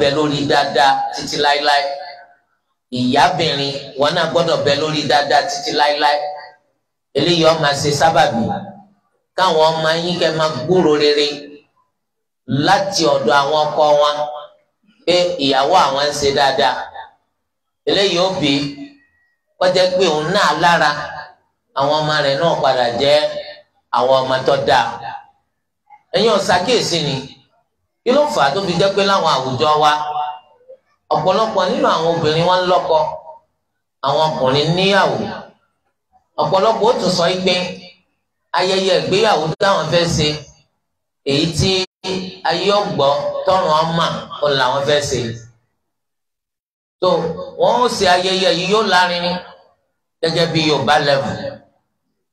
bẹ lórí dáadáa títí láéláé ìyábìnrin wọn náà gbọ́dọ̀ bẹ lórí dáadáa títí láéláé eléyìí ọmọ àṣẹ sábàbí káwọn ọmọ yín kẹ́ máa gbúrò rere láti ọ̀dọ̀ àwọn ọkọ wọn pé ìyàwó àwọn ń ṣe dáadáa eléyìí ó bí kọjá pé òun náà lára àwọn ọmọ rẹ̀ náà padà jẹ́ àwọn ọmọ tó dáa ẹ̀yin ọ̀sàkíyèsí ni kí ló fà á tó fi jẹ́ pé láwọn àwùjọ wa ọ̀pọ̀lọpọ̀ nínú àwọn obìnrin wọn ń lọ́kọ àwọn ọkùnrin níyàwó ọ̀pọ̀lọpọ̀ ó tún sọ pé ayẹyẹ ìgbéyàwó táwọn fẹ́ ṣe èyí tí ayé ọ̀gbọ́ tọrùn ọmọ òun làwọn fẹ́ ṣe tó wọn ó ṣe ayẹyẹ yìí yóò lárinrin gẹ́gẹ́ bí Yorùbá lẹ́bù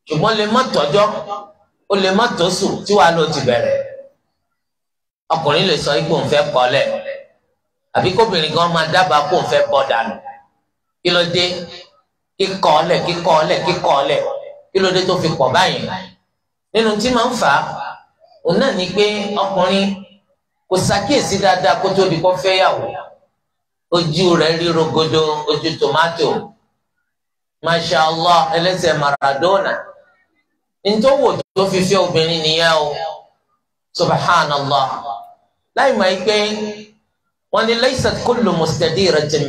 ṣùgbọ́n lè má tọ́jọ́ ó lè má tó sùn tí wàá lò ti bẹ̀rẹ̀ ọkùnrin lè sọ ipò nfẹ́ kọlẹ̀ àbí kóbìnrin kan máa dábàá kó nfẹ́ bọ́ dànù kí ló dé kíkọ́ ọlẹ̀ kíkọ́ ọlẹ̀ kíkọ́ ọlẹ̀ kí ló dé tó fi pọ̀ báyìí nínú tí máa ń fà á òun náà ni pé ọkùnrin kò ṣàkíyèsí dáadáa kó tó di kó fẹ́yàwó ojú rẹ̀ rí rogodo ojú tòmátò masha allah ẹlẹ́sẹ̀ maradona ntọ́wò tó fi fẹ́ obìnrin nìyẹn o subhanallah. láì mọ̀ pé wọ́n ní laysat kullu mustadiratin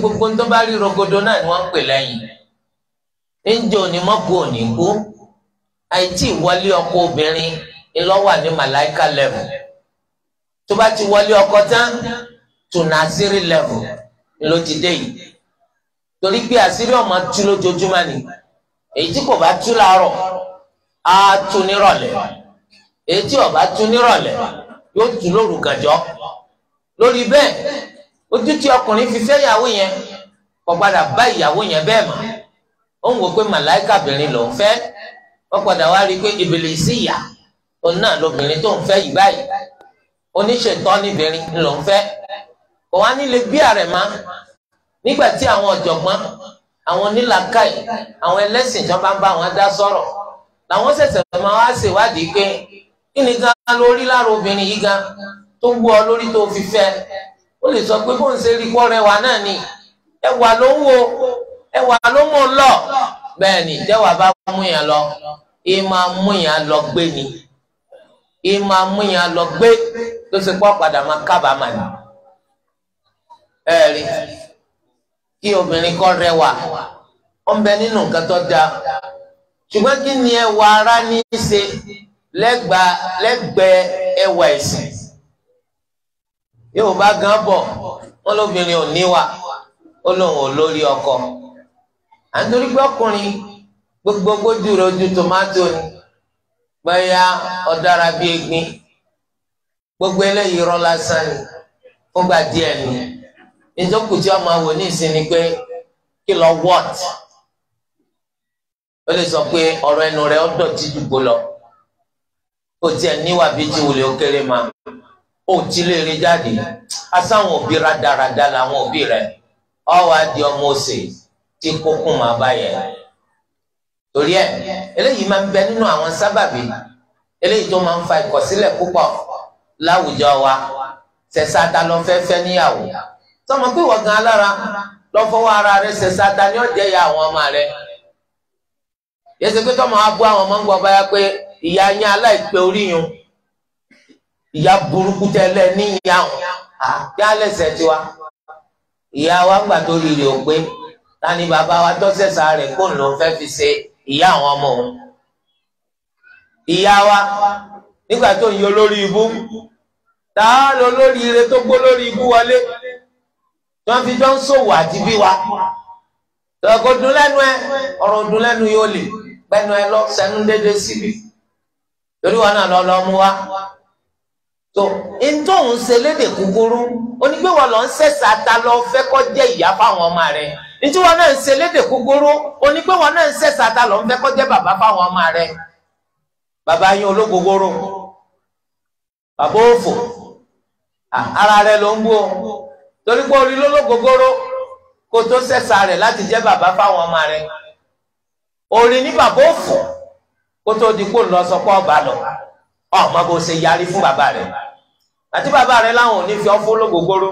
gbogbo ń tó rí rogodo náà ni wọ́n ń pè lẹ́yìn òní kú ọkọ obìnrin ní màláìka level tó bá ti wọlé ọkọ tán tùnà àṣírí level ló ti dé yìí torí pé àṣírí ọmọ tú lójoojúmọ́ ni èyí etí ọba tún nírọ̀lẹ́ yóò tún lóru gànjọ́ lórí bẹ́ẹ̀ ojú tí ọkùnrin fi fẹ́ ìyàwó yẹn kò padà bá ìyàwó yẹn bẹ́ẹ̀ mọ́ ó ń wò pé màláìkà bìnrin lòún fẹ́ wọ́n padà wá rí i pé ìbílísì ìyà òun náà lobìnrin tó ń fẹ́ yìí báyìí oníṣètọ́ níbìnrin lòún fẹ́ kò wá nílé bí àrẹ̀ má nígbà tí àwọn ọ̀jọ̀gbọ́n àwọn onílàkàì àwọn ẹlẹ́sìn ìjọba ń bá wọn dá sọ̀rọ̀ làwọn ṣẹ̀ṣẹ̀ máa wá ṣèwádìí pé kí ni gan lórí lára obìnrin yìí gan tó wú ọ lórí fi ó lè sọ pé bóun ṣe rí kọ́ wa náà ni ẹwà ló ń wo ẹwà ló lọ bẹ́ẹ̀ ni bá mú lọ ẹ máa mú yàn lọ gbé ni ẹ máa mú yàn lọ gbé tó ṣe pọ́ padà máa kábàámà ni ẹ rí kí obìnrin kọ́ rẹwà ó ń bẹ nínú nǹkan tó dáa ṣùgbọ́n ni ẹwà ara ní lẹ́gbẹ̀ẹ́ ẹwà ẹ̀sìn yóò bá gan bọ̀ wọn lóbìnrin ò níwà ó lóun ò lórí ọkọ à ń torí pé ọkùnrin gbogbo gbójú rẹ ojú ni gbẹ́yà ọ̀dára bíi egbin gbogbo eléyìí rọ́ lásán ni fúngbà díẹ̀ ni ìjókòó tí wọn máa wò ní ìsinmi pé kí lọ wọ́t ó lè sọ pé ọ̀rọ̀ ẹnu rẹ ó dọ̀tí dùgbò lọ. t'o tiẹ̀ níwà bí ti wùlé kéré ma o ti lè rí jáde asáwọn òbí rádaràda làwọn òbí rẹ ọwọ́ adi ọmọ òsè tí kókún máa bá yẹ torí ẹ eléyìí máa ń bẹ nínú àwọn sábàbí eléyìí tó máa ń fa ikosile pupo láwùjọ wa sẹ̀sáta lọ fẹ́ fẹ́ níyàwó tọmọ pé gan alára lọ fọwọ ara rẹ sẹ̀sáta ni ya àwọn ọmọ rẹ yẹsẹ pé tọmọ àwọn ọmọ ìyá yín aláìpẹ́ orí yun ìyá burúkú tẹ́lẹ̀ níyàwó àti alẹ́sẹ̀ tiwa ìyá wa gbà tó rírì ò pé ta ni bàbá wa tọ́sẹ̀sà rẹ̀ kó ló ń fẹ́ fi ṣe ìyá àwọn ọmọ òun ìyá wa nígbà tó ń yọ lórí ibú tá a lọ lórí ire tó gbó lórí ibú wọlé tí wọ́n fi jọ ń ṣòwò àti bí wa tọkọ dùn lẹ́nu ẹ ọ̀rọ̀ dùn lẹ́nu yóò lè gbẹnu ẹ lọ sẹnu déédéé síbi torí wọn náà lọ lọ mú wa tó ntòun ṣe lédè kúkúrú onígbé wọn lọ ń ṣẹ̀ṣà ta lọ fẹ́ kọ́ jẹ́ ìyá fáwọn ọmọ rẹ ntí wọn náà ń ṣe lédè kúkúrú onígbé wọn náà ń ṣẹ̀ṣà ta lọ fẹ́ kọ́ jẹ́ bàbá fáwọn ọmọ rẹ bàbá yín ológogoro bàbá òfò ara rẹ ló ń gbó torí pé orí lólógogoro kó tó ṣẹ̀ṣà rẹ̀ láti jẹ́ bàbá fáwọn ọmọ rẹ orí ní bàbá òfò kó tó di kó lọ sọ pé ọba lọ ọmọ bó ṣe yarí fún bàbá rẹ àti bàbá rẹ láwọn ò ní fi ọfún ológogoro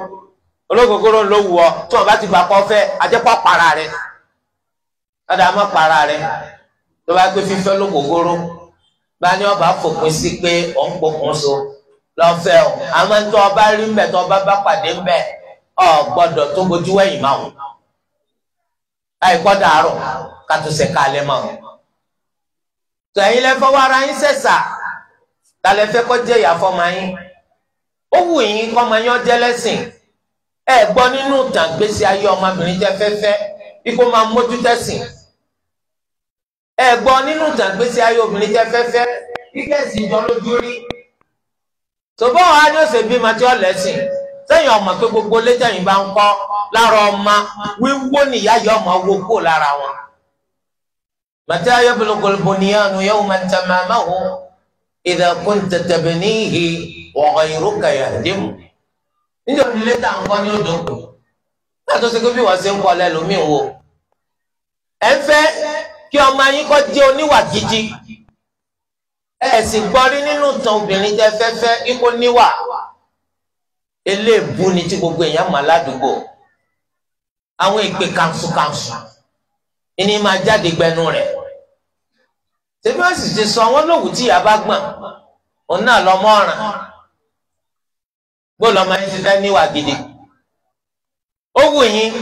ológogoro ló wù ọ tí wọn bá ti gbà kọ fẹ ajẹpọ para rẹ ọdà má para rẹ tó bá gbé fífẹ ológogoro bá ní ọba fòpin sí pé ọ ń pokùn so lọfẹ o àmọ́ tí ọba rí mbẹ tí ọba bá pàdé mbẹ ọ gbọ́dọ̀ tó gojú wẹ̀yìn máa wọn àìkọ dàárọ kàtúnṣe kalẹ̀ máa wọn. tó ẹ̀yin lẹ fọwọ́ ara yín ṣẹ̀ṣà ta lẹ kọ kọ́ ya ìyá fọmọ yín ó wù yín kọ́mọ yín ọjẹ́ lẹ́sìn ẹ gbọ́ nínú ìtàn gbèsè ayé ọmọbìnrin jẹ́ fẹ́fẹ́ ikú máa mójú tẹ̀sìn ẹ nínú ìtàn gbèsè ayé obìnrin jẹ́ fẹ́fẹ́ kíkẹ́sì lójú rí gbogbo bá ń lára ọmọ wíwó nìyá ọmọ wo lára متى يبلغ البنيان يوما تمامه إذا كنت تبنيه وغيرك يهدمه níjọ́ nílé tá à ń kọ́ ní odò ń pè látọ̀ sí pé bí wọ́n ṣe ń kọ́ lẹ́lòmíì wo ẹ ń fẹ́ kí ọmọ yín kọ́ jẹ́ oníwà gidi ẹ sì gbọ́ rí nínú ìtàn obìnrin tẹ́ fẹ́ fẹ́ ikú níwà eléèbú ni tí gbogbo èèyàn mọ̀ ládùúgbò àwọn èpè kanṣu kanṣu ìní máa jáde gbẹnu rẹ̀ tẹbí wọn sì ti sọ wọn lòwù tí ìyá bá gbọ́n òun náà lọmọ ọ̀ràn gbọ́dọ̀ ọmọ yẹn ti níwà gidi ó wù yín